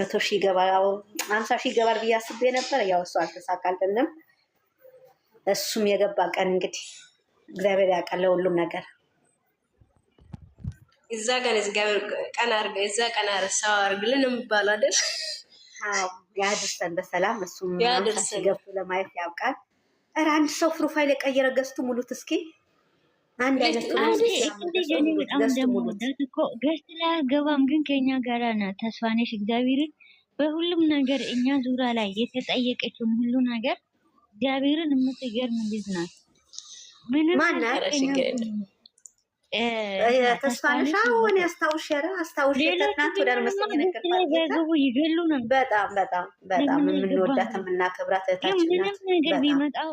መቶ ሺህ ይገባል፣ አምሳ ሺህ ይገባል ብዬ አስቤ ነበር። ያው እሱ አልተሳካልንም። እሱም የገባ ቀን እንግዲህ እግዚአብሔር ያውቃል ለሁሉም ነገር እዛ ቀን እግዚአብሔር ቀን አርገ እዛ ቀን አር ሰው አርግልን የሚባለው አይደል? ያድርሰን በሰላም እሱም ያድርሰን ገብቶ ለማየት ያብቃል። ኧረ አንድ ሰው ፕሮፋይል የቀየረ ገዝቱ ሙሉት እስኪ አንድ ገስት ላይ አገባም ግን ከኛ ጋራ ናት። ተስፋነሽ እግዚአብሔርን በሁሉም ነገር እኛ ዙሪያ ላይ የተጠየቀችውን ሁሉ ነገር እግዚአብሔርን የምትገርም ልጅ ናት። ምንም ነገር ቢመጣው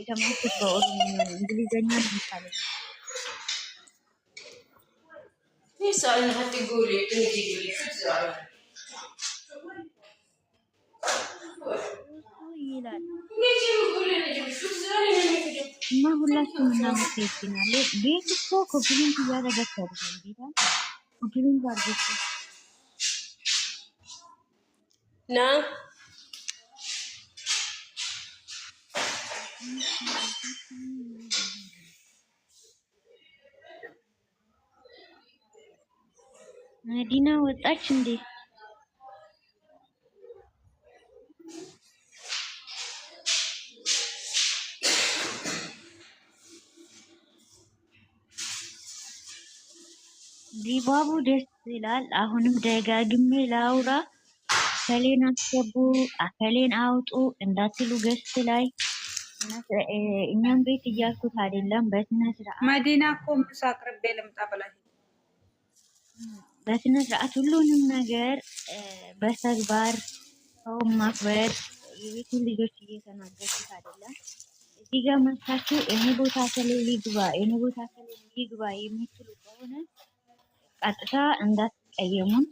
የተማርኩት በኦሮሚያ ነው። እንግሊዝኛ ነው የሚባለው። እና ሁላችሁም እናንተ ይችላል ቤት እኮ ኮፒሊንግ እያደረገች አይደለም ቤታ ኮፒሊንግ አድርገች ና መዲና ወጣች እንዴ? ዲባቡ ደስ ይላል። አሁንም ደጋግሜ ላውራ። ከሌን አስገቡ አከሌን አውጡ እንዳትሉ ገስት ላይ እኛም ቤት እያልኩት አይደለም። በስነ ስርዓት መዲና እኮ ምሳ አቅርቤ ልምጣ ብላ በስነ ስርዓት ሁሉንም ነገር በተግባር ሰውን ማክበር የቤቱን ልጆች እየተናገርኩት አይደለም። እዚህ ጋር መታችሁ እኔ ቦታ ስለሌ ግባ እኔ ቦታ ስለሌ ግባ የሚችሉ ከሆነ ቀጥታ እንዳትቀየሙን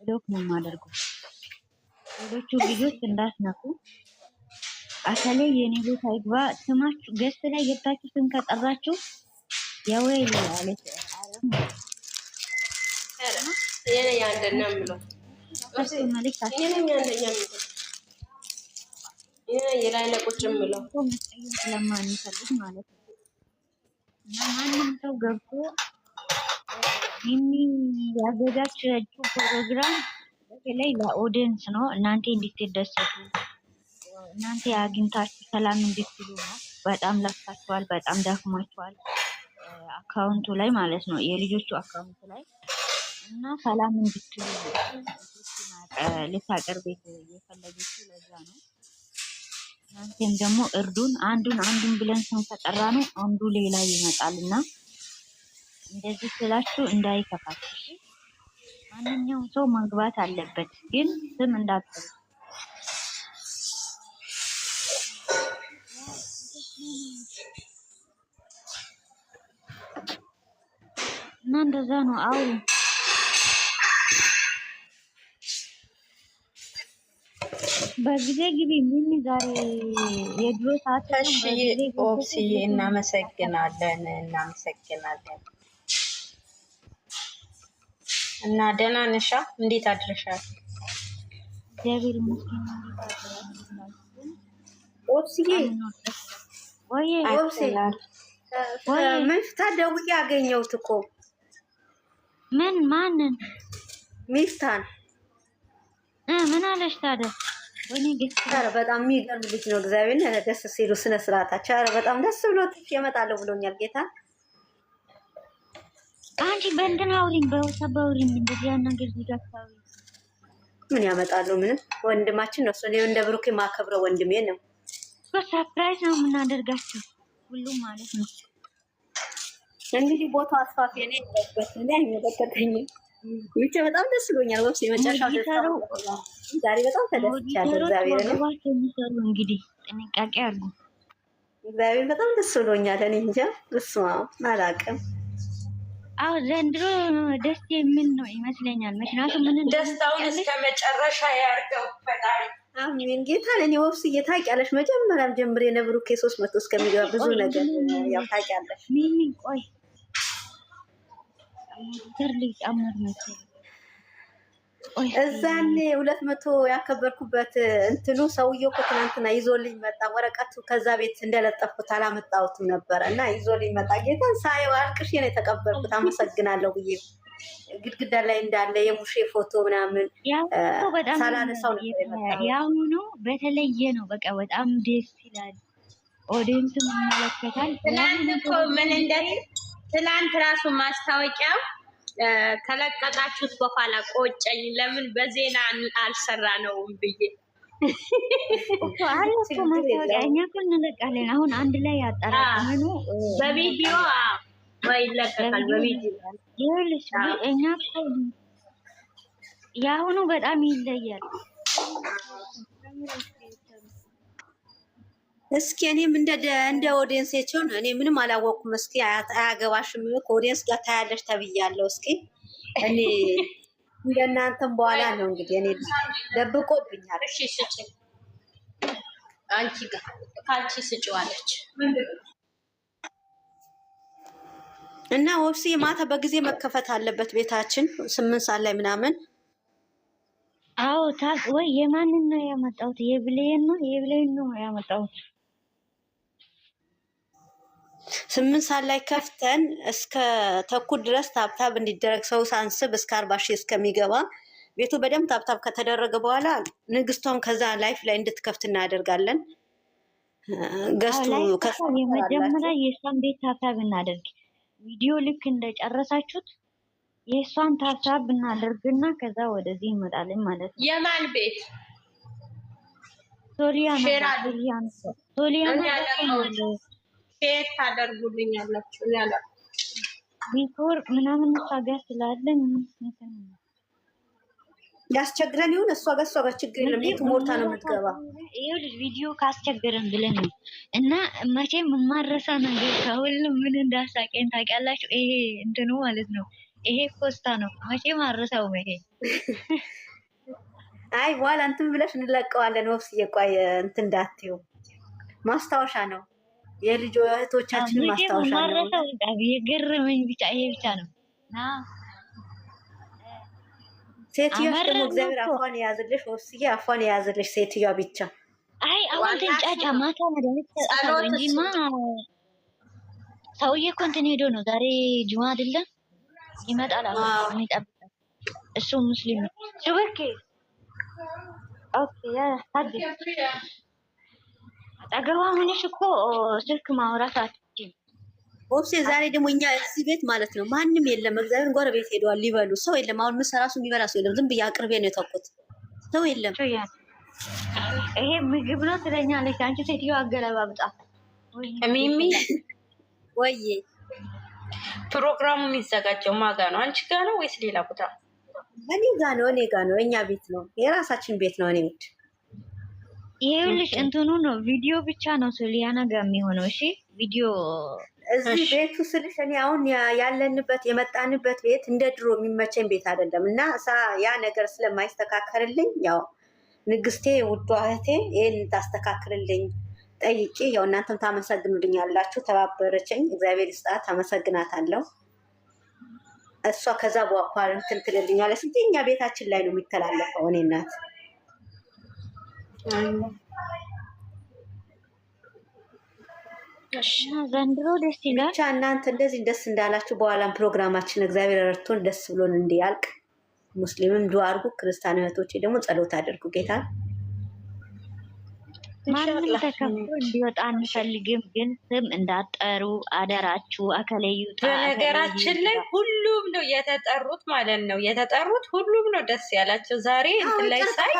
ብሎክ ነው የማደርገው። ሌሎቹ ልጆች እንዳትነኩ አከላይ የኔ ቤት አይግባ ስማችሁ ገስት ላይ ገብታችሁ ስም ከጠራችሁ የወይ አለች። ስለማንፈልግ ነው እና ማንም ሰው ገብቶ የሚያዘጋጅ ፕሮግራም በተለይ ለኦዲየንስ ነው። እናንተ እንዲትደሰቱ እናንተ አግኝታችሁ ሰላም እንድትሉ ነው። በጣም ለፍታችኋል፣ በጣም ደክሟችኋል። አካውንቱ ላይ ማለት ነው የልጆቹ አካውንቱ ላይ እና ሰላም እንድትሉ ልታቀርብ የፈለገችው ለዛ ነው። እናንተም ደግሞ እርዱን። አንዱን አንዱን ብለን ስንፈጠራ ነው አንዱ ሌላ ይመጣል እና እንደዚህ ስላችሁ እንዳይከፋችሁ ማንኛውም ሰው መግባት አለበት፣ ግን ስም እንዳትጠሩ እና እንደዛ ነው። አዎ በጊዜ ግቢ ምን ዛሬ የድሮ ሰዓት ኦፕስዬ፣ እናመሰግናለን እናመሰግናለን። እና ደህና ነሻ? እንዴት አድረሻል? እግዚአብሔር ይመስገን። ኦፕስዬ ወይ ወይ ሚፍታን ደውዬ አገኘሁት እኮ ምን ማንን ሚፍታን ምን አለሽ ታዲያ? ኧረ በጣም የሚገርም ልጅ ነው። እግዚአብሔር ደስ ሲሉ ስነ ስርዓታቸው፣ ኧረ በጣም ደስ ብሎት የመጣለሁ ብሎኛል። ጌታ አንቺ በእንትን አውሪኝ፣ በውሳብ አውሪኝ፣ እንደዚህ ያናገር ምን ያመጣሉ? ምንም ወንድማችን ነው። እኔ እንደ ብሩኬ ማከብረው ወንድሜ ነው። በሰርፕራይዝ ነው የምናደርጋቸው ሁሉም ማለት ነው። እንግዲህ ቦታ አስፋፊ እኔ እኔ አይመለከተኝም። ብቻ በጣም ደስ ብሎኛል። ወብስ የመጨረሻው ዛሬ በጣም ተደስቻለሁ። እግዚአብሔር ነው እንግዲህ ጥንቃቄ አሉ። እግዚአብሔር በጣም ደስ ብሎኛል። እኔ እንጃ እሱማ አላውቅም። አዎ ዘንድሮ ደስ የምን ነው ይመስለኛል። ምክንያቱም ምን ደስታውን እስከ መጨረሻ ያርገው ፈጣሪ አሜን ጌታ ለእኔ ወብስ ታውቂያለሽ፣ መጀመሪያም ጀምሬ ነብሩኬ ሶስት መቶ እስከሚገባ ብዙ ነገር ያው ታውቂያለሽ። ቆይ እዛኔ ሁለት መቶ ያከበርኩበት እንትኑ ሰውዬው እኮ ትናንትና ይዞልኝ መጣ። ወረቀቱ ከዛ ቤት እንደለጠፍኩት አላመጣሁትም ነበረ እና ይዞልኝ መጣ። ጌታን ሳየው አልቅሽ ነው የተቀበርኩት። አመሰግናለሁ ብዬ ግድግዳ ላይ እንዳለ የሙሼ ፎቶ ምናምን ሳላነሳው ነበር። የአሁኑ በተለየ ነው። በቃ በጣም ደስ ይላል። ኦዲንስ ይመለከታል። ትናንት እኮ ምን እንደ ትናንት ራሱ ማስታወቂያው ከለቀቃችሁት በኋላ ቆጨኝ። ለምን በዜና አልሰራ ነውም ብዬ እኛ እኮ እንለቃለን። አሁን አንድ ላይ ያጠራቀምኑ በቪዲዮ ይለቀቃል። እኛ እኮ የአሁኑ በጣም ይለያል። እስኪ እኔም እንደ እንደ ኦዲየንሴቸውን እኔ ምንም አላወቅኩም። እስኪ አያገባሽም ከኦዲየንስ ጋር ታያለሽ ተብያለሁ። እስኪ እኔ እንደናንተም በኋላ ነው እንግዲህ እኔ ደብቆብኛል። አንቺ ጋር ከአንቺ ስጭዋለች እና ወብሲ የማታ በጊዜ መከፈት አለበት ቤታችን ስምንት ሰዓት ላይ ምናምን አዎ ታ ወይ የማንን ነው ያመጣሁት? የብሌን ነው የብሌን ነው ያመጣሁት። ስምንት ሰዓት ላይ ከፍተን እስከ ተኩል ድረስ ታብታብ እንዲደረግ ሰው ሳንስብ እስከ አርባ ሺህ እስከሚገባ ቤቱ በደንብ ታብታብ ከተደረገ በኋላ ንግስቷን ከዛ ላይፍ ላይ እንድትከፍት እናደርጋለን። ገስቱ የመጀመሪያ የእሷን ቤት ታብታብ እናደርግ። ቪዲዮ ልክ እንደጨረሳችሁት የእሷን ታብታብ እናደርግና ከዛ ወደዚህ እንመጣለን ማለት ነው። የማን ቤት ሶሊያ ሶሊያ ሼር ታደርጉልኝ ያለ ምናምን ታገር ስላለን ያስቸግረን ይሁን እሷ ጋር እሷ ጋር ችግር የለም። ሞርታ ነው የምትገባ? ቪዲዮ ካስቸግረን ብለን ነው እና መቼም የማረሳ ነገር ከሁሉም ምን እንዳሳቀኝ ታውቂያላችሁ? ይሄ እንትኑ ማለት ነው ይሄ ፖስታ ነው መቼም አረሳው። ይሄ አይ በኋላ እንትን ብለሽ እንለቀዋለን። ወብስ እየቋየ እንትን ማስታወሻ ነው። የልጆ እህቶቻችን ማስታወሻ የገረመኝ ብቻ ይሄ ብቻ ነው። ሴትዮሽ ደግሞ እግዚአብሔር አፏን የያዝልሽ፣ አፏን የያዝልሽ ሴትዮዋ ብቻ። አይ አሁን ጫጫ ማታ እንጂማ ሰውዬ እኮ እንትን ሄዶ ነው ዛሬ ጅማ አይደለም ይመጣል አሉ እሱ ሙስሊም ነው። ኦኬ ያ አጠገቧ ሆነሽ እኮ ስልክ ማውራት አትችም። ኦብሴ ዛሬ ደግሞ እኛ እዚህ ቤት ማለት ነው ማንም የለም። እግዚአብሔር ጎረቤት ሄደዋል ሊበሉ ሰው የለም። አሁን ምሳ ራሱ የሚበላ ሰው የለም። ዝም ብዬ አቅርቤ ነው የተውኩት። ሰው የለም። ይሄ ምግብ ነው ትለኛለች። አንቺ ሴትዮ አገለባብጣ ሚሚ ወይ ፕሮግራሙ የሚዘጋጀው ማጋ ነው? አንቺ ጋ ነው ወይስ ሌላ ቦታ? እኔ ጋ ነው። እኔ ጋ ነው። እኛ ቤት ነው። የራሳችን ቤት ነው። እኔ ውድ ይኸውልሽ እንትኑ ነው ቪዲዮ ብቻ ነው ሱሊያና ጋር የሚሆነው። እሺ ቪዲዮ እዚህ ቤቱ ስልሽ እኔ አሁን ያለንበት የመጣንበት ቤት እንደ ድሮ የሚመቸኝ ቤት አይደለም እና እሳ ያ ነገር ስለማይስተካከልልኝ ያው ንግስቴ ውዷ እህቴ ይህን ታስተካክልልኝ ጠይቄ ያው እናንተም ታመሰግኑልኝ አላችሁ። ተባበረችኝ፣ እግዚአብሔር ይስጣት፣ ታመሰግናታለሁ። እሷ ከዛ በኋላ እንትን ትልልኛለች። እኛ ቤታችን ላይ ነው የሚተላለፈው እኔ እናት ዘንድሮ ደስ ይላል። ብቻ እናንተ እንደዚህ ደስ እንዳላችሁ በኋላም ፕሮግራማችን እግዚአብሔር ረድቶን ደስ ብሎን እንዲያልቅ ሙስሊምም ዱዓ አድርጉ፣ ክርስቲያን እህቶቼ ደግሞ ጸሎት አድርጉ ጌታ ማንም ተከፍቶ እንዲወጣ አንፈልግም፣ ግን ስም እንዳጠሩ አደራችሁ። አከለዩ በነገራችን ላይ ሁሉም ነው የተጠሩት ማለት ነው የተጠሩት ሁሉም ነው ደስ ያላቸው። ዛሬ እንትን ላይ ሳይ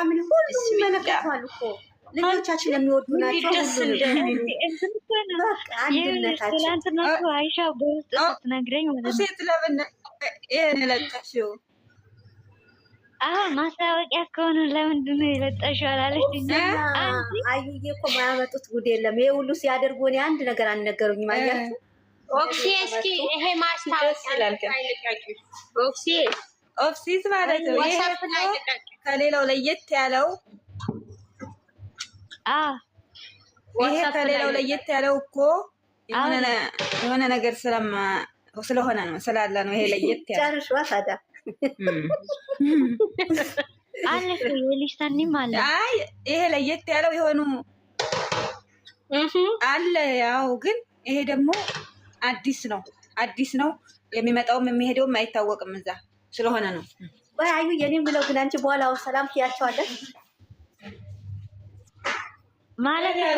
ልጆቻችን የሚወዱ ናቸው። ትላንትና አይሻ በውስጥ ስትነግረኝ ሴት ለምን ይህን ለቀሽው? ማስታወቂያ ከሆኑ ለምንድን ነው የለጠሽው አላለችኝ። አየዬ እኮ ማያመጡት ጉድ የለም። ይሄ ሁሉ ሲያደርጉ እኔ አንድ ነገር አልነገሩኝም። አያችሁ ኦክሲ፣ እስኪ ይሄ ማስታወቂያ ኦክሲ ኦፍሲስ ማለት ነው። ይሄ ከሌላው ለየት ያለው ይሄ ከሌላው ለየት ያለው እኮ የሆነ ነገር ስለሆነ ነው ስላለ ነው ይሄ ለየት ያለው አለ የልጅ ተኒም አይ ይሄ ለየት ያለው የሆኑ አለ ያው ግን ይሄ ደግሞ አዲስ ነው፣ አዲስ ነው የሚመጣውም የሚሄደውም አይታወቅም። እዛ ስለሆነ ነው አዩ የኔ ብለው ግን አንቺ በኋላ ሰላም ትያቸዋለን ማለት ነው።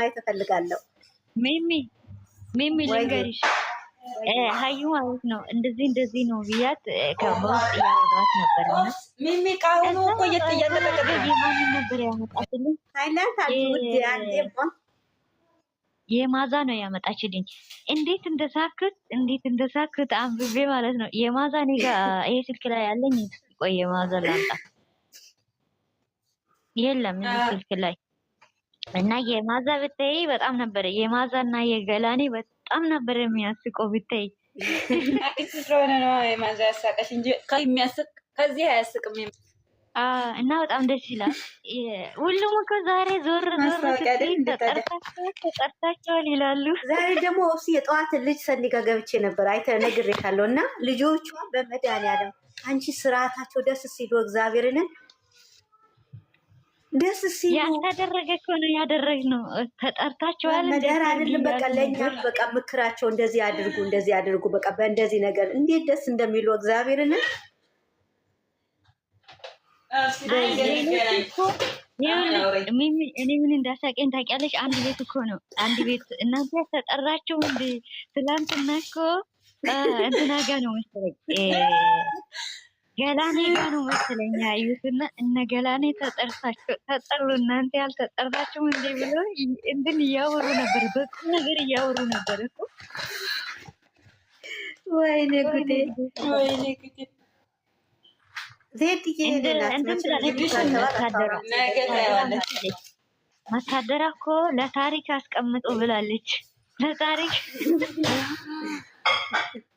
ማየት እፈልጋለሁ ሚሚ ሚሚ ልንገርሽ ሀዩ ማለት ነው እንደዚህ እንደዚህ ነው ብያት ከበውስጥ እያረጋት ነበር። ሚሚ ከአሁኑ እኮ የት ነበር ያመጣችልኝ? የማዛ ነው ያመጣችልኝ። እንዴት እንደሳክት እንዴት እንደሳክት አንብቤ ማለት ነው የማዛ እኔ ጋ ይሄ ስልክ ላይ ያለኝ ቆይ የማዛ ላምጣ የለም ስልክ ላይ እና የማዛ ብታይ በጣም ነበረ የማዛ እና የገላኔ በጣም ነበር የሚያስቀው። ብታይ አዲስ ስለሆነ ነው የማዛ ያሳቀሽ እንጂ የሚያስቅ ከዚህ አያስቅም። እና በጣም ደስ ይላል። ሁሉም እኮ ዛሬ ዞር ዞር ተጠርታቸዋል ይላሉ። ዛሬ ደግሞ እሱ የጠዋት ልጅ ሰንጋ ገብቼ ነበር አይተ ነግሬ ካለው እና ልጆቿ በመድኃኒዓለም አንቺ ስርዓታቸው ደስ ሲሉ እግዚአብሔርንን ደስ ሲሉ ያልተደረገ እኮ ነው ያደረግነው። ተጠርታችኋል ነገር አይደለም። በቃ ለእኛ በቃ ምክራቸው እንደዚህ አድርጉ፣ እንደዚህ አድርጉ፣ በቃ በእንደዚህ ነገር እንዴት ደስ እንደሚሉ እግዚአብሔርን እኔ ምን እንዳሳቀኝ ታውቂያለሽ? አንድ ቤት እኮ ነው አንድ ቤት እናንተ ተጠራችሁ። እንዴ? ትላንትና እኮ እንትና ጋ ነው መሰለኝ ገላኔ ጋር ነው መሰለኝ ያዩትና እነ ገላኔ ተጠርታቸው ተጠሩ። እናንተ ያልተጠራችሁም እንዴ ብሎ እንትን እያወሩ ነበር፣ በቁም ነገር እያወሩ ነበር እኮ። ወይኔ ጉዴ! ወይኔ ጉዴ! መታደራ እኮ ለታሪክ አስቀምጦ ብላለች። ለታሪክ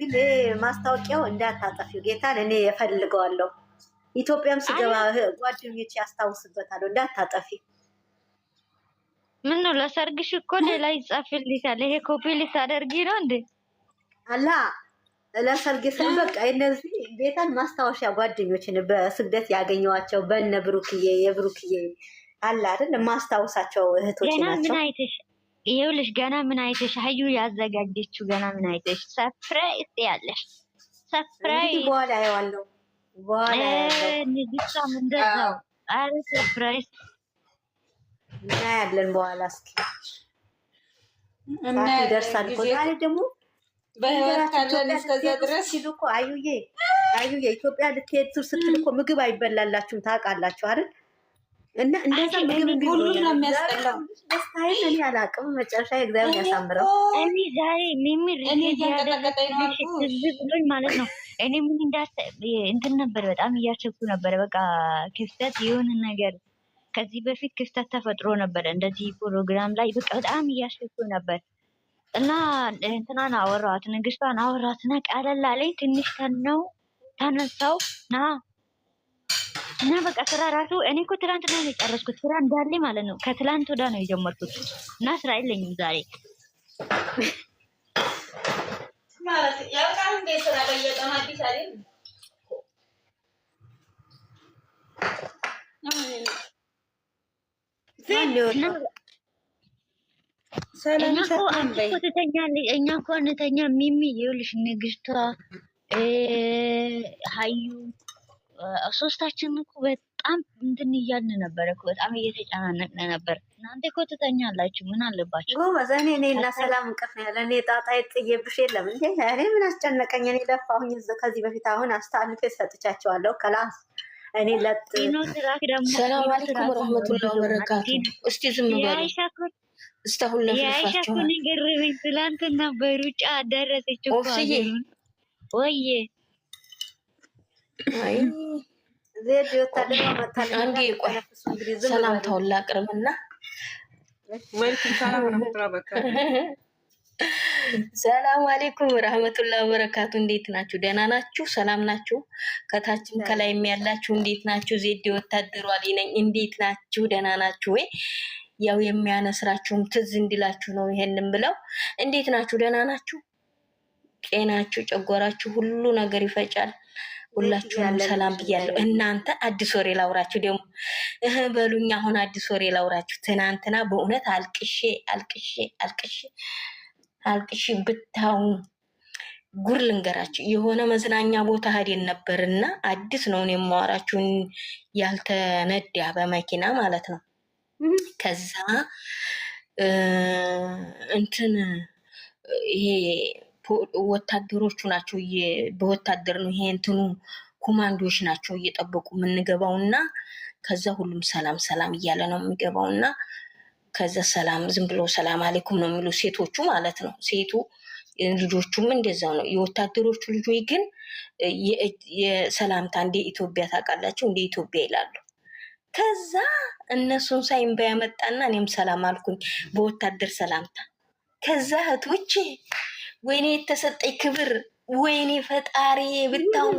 ግን ማስታወቂያው እንዳታጠፊው ጌታን እኔ እፈልገዋለሁ። ኢትዮጵያም ስገባ ጓደኞች ያስታውስበታል። እንዳታጠፊ። ምን ነው ለሰርግሽ እኮ ሌላ ይጻፍልሻል። ይሄ ኮፒ ልታደርጊ ነው እንዴ? አላ ለሰርግ ስል በቃ እነዚህ ጌታን ማስታወሻ ጓደኞችን በስግደት ያገኘዋቸው በነ ብሩክዬ የብሩክዬ አላ አይደል ማስታወሳቸው እህቶች ናቸው። ይሄውልሽ ገና ምን አይተሽ ሀዩ ያዘጋጀችው ገና ምን አይተሽ ሰፕራይዝ ያለሽ ሰፕራይዝ በኋላ ያለው በኋላ ንግስቷም እንደዛው አረ ሰፕራይዝ እና ያለን በኋላ እስኪ እና ይደርሳል እኮ ዛሬ ደግሞ በህይወት ካለን እስከዚያ ድረስ ሲሉ እኮ አዩዬ አዩዬ ኢትዮጵያ ልትሄድ ስትል እኮ ምግብ አይበላላችሁም ታውቃላችሁ አይደል እና እንደዛ ምግብ እኔ አላቅም። መጨረሻ እግዚአብሔር ያሳምረው። እኔ ዛሬ ሚሚር ብሎኝ ማለት ነው። እኔ ምን እንዳስ እንትን ነበር በጣም እያሰብኩ ነበረ። በቃ ክፍተት የሆነ ነገር ከዚህ በፊት ክፍተት ተፈጥሮ ነበረ እንደዚህ ፕሮግራም ላይ በቃ በጣም እያሰብኩ ነበር። እና እንትናን አወራት፣ ንግስቷን አወራት። ና ቀለል አለኝ ትንሽ ተነው ተነሳው ና እና በቃ ስራ ራሱ እኔ እኮ ትላንትና ነው የጨረስኩት ስራ እንዳለ ማለት ነው። ከትላንት ወዳ ነው የጀመርኩት እና ስራ የለኝም ዛሬ ማለት ያው ካንዴ እኛ እኮ እንተኛ ሚሚ ይኸውልሽ ንግስቷ ሀዩ ሶስታችን እኮ በጣም እንትን እያልን ነበረ እኮ በጣም እየተጨናነቅን ነበር። እናንተ እኮ ትተኛላችሁ ምን አለባችሁ? ጎበዝ እኔ እኔ እና ሰላም እንቅፍ ነው ያለ እኔ ጣጣ የጥየብሽ የለም እንዴ እኔ ምን አስጨነቀኝ? እኔ ለፋሁኝ ከዚህ በፊት አሁን አስተላልፌ ሰጥቻቸዋለሁ። ከላስ እኔ ለሰላም ሰላም አለይኩም ወረህመቱላ ወበረካቱ። እስቲ ዝም በሉ እስካሁን ለፍልፋቸዋል። ትላንትና በሩጫ ደረሰች ወይ ሰላምታውን ላቅርብና ሰላም አሌይኩም ረህመቱላ በረካቱ። እንዴት ናችሁ? ደህና ናችሁ? ሰላም ናችሁ? ከታችም ከላይም ያላችሁ እንዴት ናችሁ? ዜዴ ወታደሯ ነኝ። እንዴት ናችሁ? ደህና ናችሁ ወይ? ያው የሚያነስራችሁም ትዝ እንዲላችሁ ነው ይሄንን ብለው። እንዴት ናችሁ? ደህና ናችሁ? ጤናችሁ፣ ጨጓራችሁ፣ ሁሉ ነገር ይፈጫል። ሁላችሁንም ሰላም ብያለሁ። እናንተ አዲስ ወሬ ላውራችሁ ደግሞ እህ በሉኝ። አሁን አዲስ ወሬ ላውራችሁ። ትናንትና በእውነት አልቅሼ አልቅሼ አልቅሼ አልቅሼ ብታው ጉር ልንገራችሁ። የሆነ መዝናኛ ቦታ ሄደን ነበር እና አዲስ ነውን የማወራችሁን ያልተነዳ በመኪና ማለት ነው። ከዛ እንትን ይሄ ወታደሮቹ ናቸው። በወታደር ነው ይሄ እንትኑ ናቸው እየጠበቁ የምንገባው እና ከዛ ሁሉም ሰላም ሰላም እያለ ነው የሚገባው እና ከዛ ሰላም ዝም ብሎ ሰላም አሌኩም ነው የሚሉ ሴቶቹ ማለት ነው። ሴቱ ልጆቹም እንደዛው ነው። የወታደሮቹ ልጆች ግን የሰላምታ እንደ ኢትዮጵያ ታውቃላቸው እንደ ኢትዮጵያ ይላሉ። ከዛ እነሱን ሳይም ባያመጣና እኔም ሰላም አልኩኝ በወታደር ሰላምታ ከዛ እህት ውጭ ወይኔ የተሰጠኝ ክብር፣ ወይኔ ፈጣሪ ብታው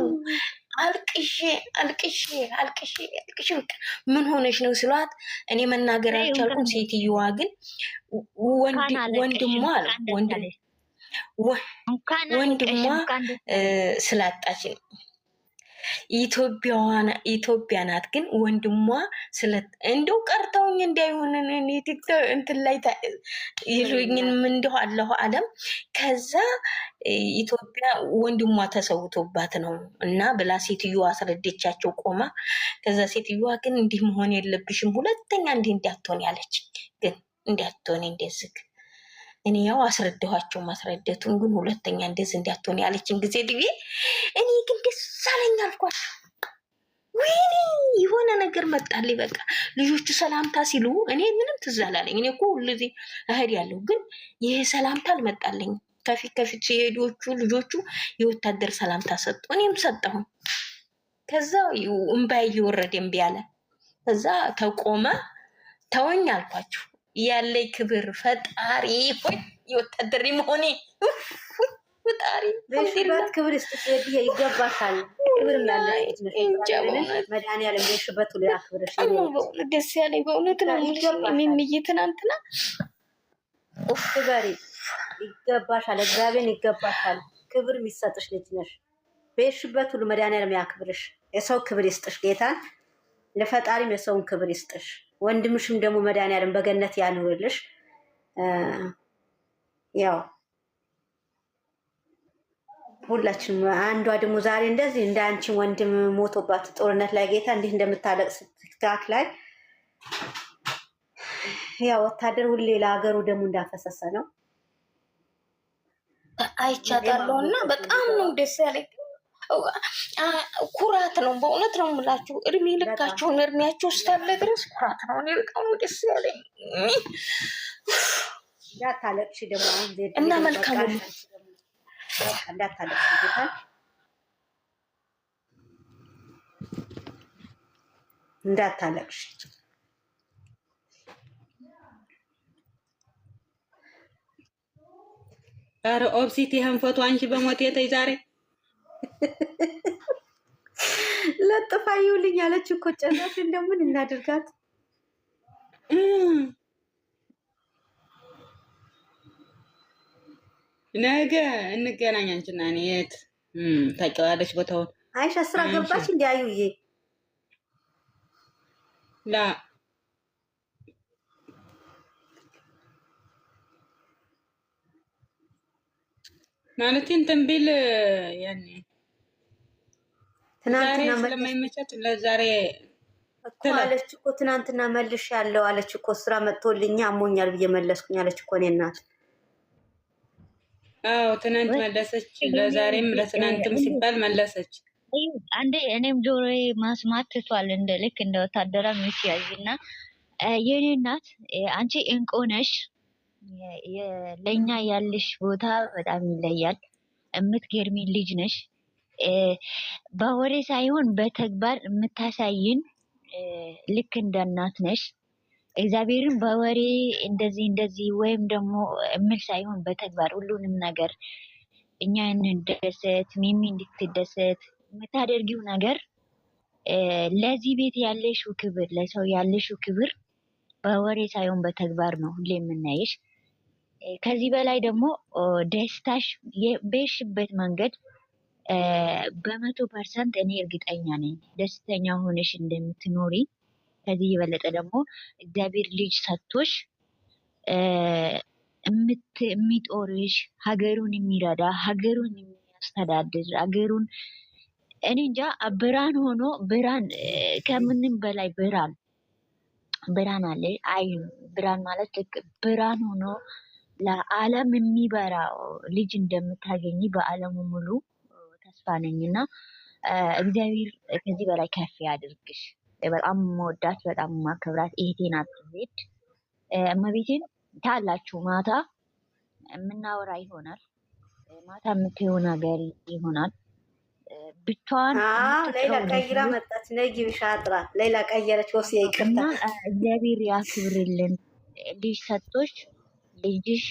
አልቅሼ አልቅሼ አልቅሼ አልቅሼ በቃ ምን ሆነሽ ነው ስሏት፣ እኔ መናገር አልቻልኩም። ሴትየዋ ግን ወንድሟ አለ ወንድሟ ስላጣች ነው ኢትዮጵያ ናት። ግን ወንድሟ እንደው ቀርተውኝ እንዳይሆን እንትን ላይ ይሉኝን እንደው አለሁ አለም ከዛ ኢትዮጵያ ወንድሟ ተሰውቶባት ነው እና ብላ ሴትዮዋ አስረደቻቸው ቆማ። ከዛ ሴትዮዋ ግን እንዲህ መሆን የለብሽም ሁለተኛ እንዲህ እንዳትሆን ያለች ግን እንዳትሆን እንደዝግ እኔ ያው አስረዳኋቸው። ማስረደቱን ግን ሁለተኛ እንደዚህ እንዳትሆን ያለችን ጊዜ ድቤ እኔ ግን ደስ አለኝ አልኳቸው። ወይኔ የሆነ ነገር መጣልኝ። በቃ ልጆቹ ሰላምታ ሲሉ እኔ ምንም ትዝ አላለኝ። እኔ እኮ ሁሉ እህድ ያለው ግን ይሄ ሰላምታ አልመጣልኝም። ከፊት ከፊት ሲሄዶቹ ልጆቹ የወታደር ሰላምታ ሰጡ፣ እኔም ሰጠሁም። ከዛ እምባዬ እየወረደ እምቢ አለ። ከዛ ተቆመ። ተወኝ አልኳቸው ያለኝ ክብር ፈጣሪ ሆይ የወታደር መሆኔ ፈጣሪ ባት ክብር ስትሄድዬ ይገባታል። ክብር መድኃኒዓለም ሽበት ላ ክብር በእውነት ደስ ያለኝ በእውነት ነው የሚምይ ትናንትና ክበሪ ይገባሻል። እግዚአብሔርን ይገባሻል። ክብር የሚሰጥሽ ልጅ ነሽ። በሽበት ሁሉ መድኃኒዓለም ያክብርሽ። የሰው ክብር ይስጥሽ። ጌታን ለፈጣሪም የሰውን ክብር ይስጥሽ። ወንድምሽም ደግሞ መድኃኒዓለም በገነት ያኑርልሽ። ያው ሁላችንም አንዷ ደግሞ ዛሬ እንደዚህ እንደ አንቺ ወንድም ሞቶባት ጦርነት ላይ ጌታ እንዲህ እንደምታለቅ ትክታክ ላይ ያ ወታደር ሁሌ ለሀገሩ ደግሞ እንዳፈሰሰ ነው አይቻታለሁ እና በጣም ነው ደስ ያለኝ። ኩራት ነው። በእውነት ነው የምላችሁ እድሜ ልካችሁን እድሜያችሁ እስካለ ድረስ ኩራት ነው። እኔ በጣም ደስ ያለኝ እና መልካም እንዳታለቅሽ ኧረ ኦብሲት ይህን ፎቶ አንቺ በሞት የተይ ዛሬ ለጥፋ ይውልኝ ያለች እኮ ጭራሽ እንደምን እናድርጋት? ነገ እንገናኝ እኔ የት ታቂዋለች ቦታውን። አይሻ ስራ ገባች እንዲ አዩዬ ላ ማለት እንትን ቢል ያኔ ስለማይመቻት አለች እኮ ትናንትና መልሽ ያለው አለች እኮ ስራ መጥቶልኛ አሞኛል ብዬ መለስኩኝ አለች እኮ እኔ እናት። አዎ ትናንት መለሰች፣ ለዛሬም ለትናንትም ሲባል መለሰች። አንዴ እኔም ጆሮዬ ማስማት ትቷል። እንደ ልክ እንደ ወታደራ ሚስያዝ እና የእኔ እናት አንቺ እንቁ ነሽ። ለእኛ ያለሽ ቦታ በጣም ይለያል። የምትገርሚ ልጅ ነሽ። በወሬ ሳይሆን በተግባር የምታሳይን ልክ እንደ እናት ነሽ። እግዚአብሔርን በወሬ እንደዚህ እንደዚህ ወይም ደግሞ እምል ሳይሆን በተግባር ሁሉንም ነገር እኛ እንደሰት ሚሚ እንድትደሰት የምታደርጊው ነገር ለዚህ ቤት ያለሽው ክብር፣ ለሰው ያለሽው ክብር በወሬ ሳይሆን በተግባር ነው ሁሌ የምናየሽ። ከዚህ በላይ ደግሞ ደስታሽ በሽበት መንገድ በመቶ ፐርሰንት እኔ እርግጠኛ ነኝ ደስተኛ ሆነሽ እንደምትኖሪ። ከዚህ የበለጠ ደግሞ እግዚአብሔር ልጅ ሰጥቶሽ የሚጦርሽ ሀገሩን የሚረዳ ሀገሩን የሚያስተዳድር ሀገሩን እኔ እንጃ ብራን ሆኖ ብራን ከምንም በላይ ብራን ብራን አለ። አይ ብራን ማለት ልክ ብራን ሆኖ ለዓለም የሚበራው ልጅ እንደምታገኝ በዓለሙ ሙሉ ተስፋ ነኝ እና እግዚአብሔር ከዚህ በላይ ከፍ ያድርግሽ። በጣም መወዳት በጣም ማከብራት እህቴ አትዜድ እመቤቴን ታላችሁ ማታ የምናወራ ይሆናል። ማታ የምትይው ነገር ይሆናል። ብቻዋን ሌላ ቀይራ መጣች። ነጊ ብሻጥራ ሌላ ቀየረች። ወስ ይቅርታ። እግዚአብሔር ያክብርልን። ልጅ ሰጥቶሽ ልጅሽ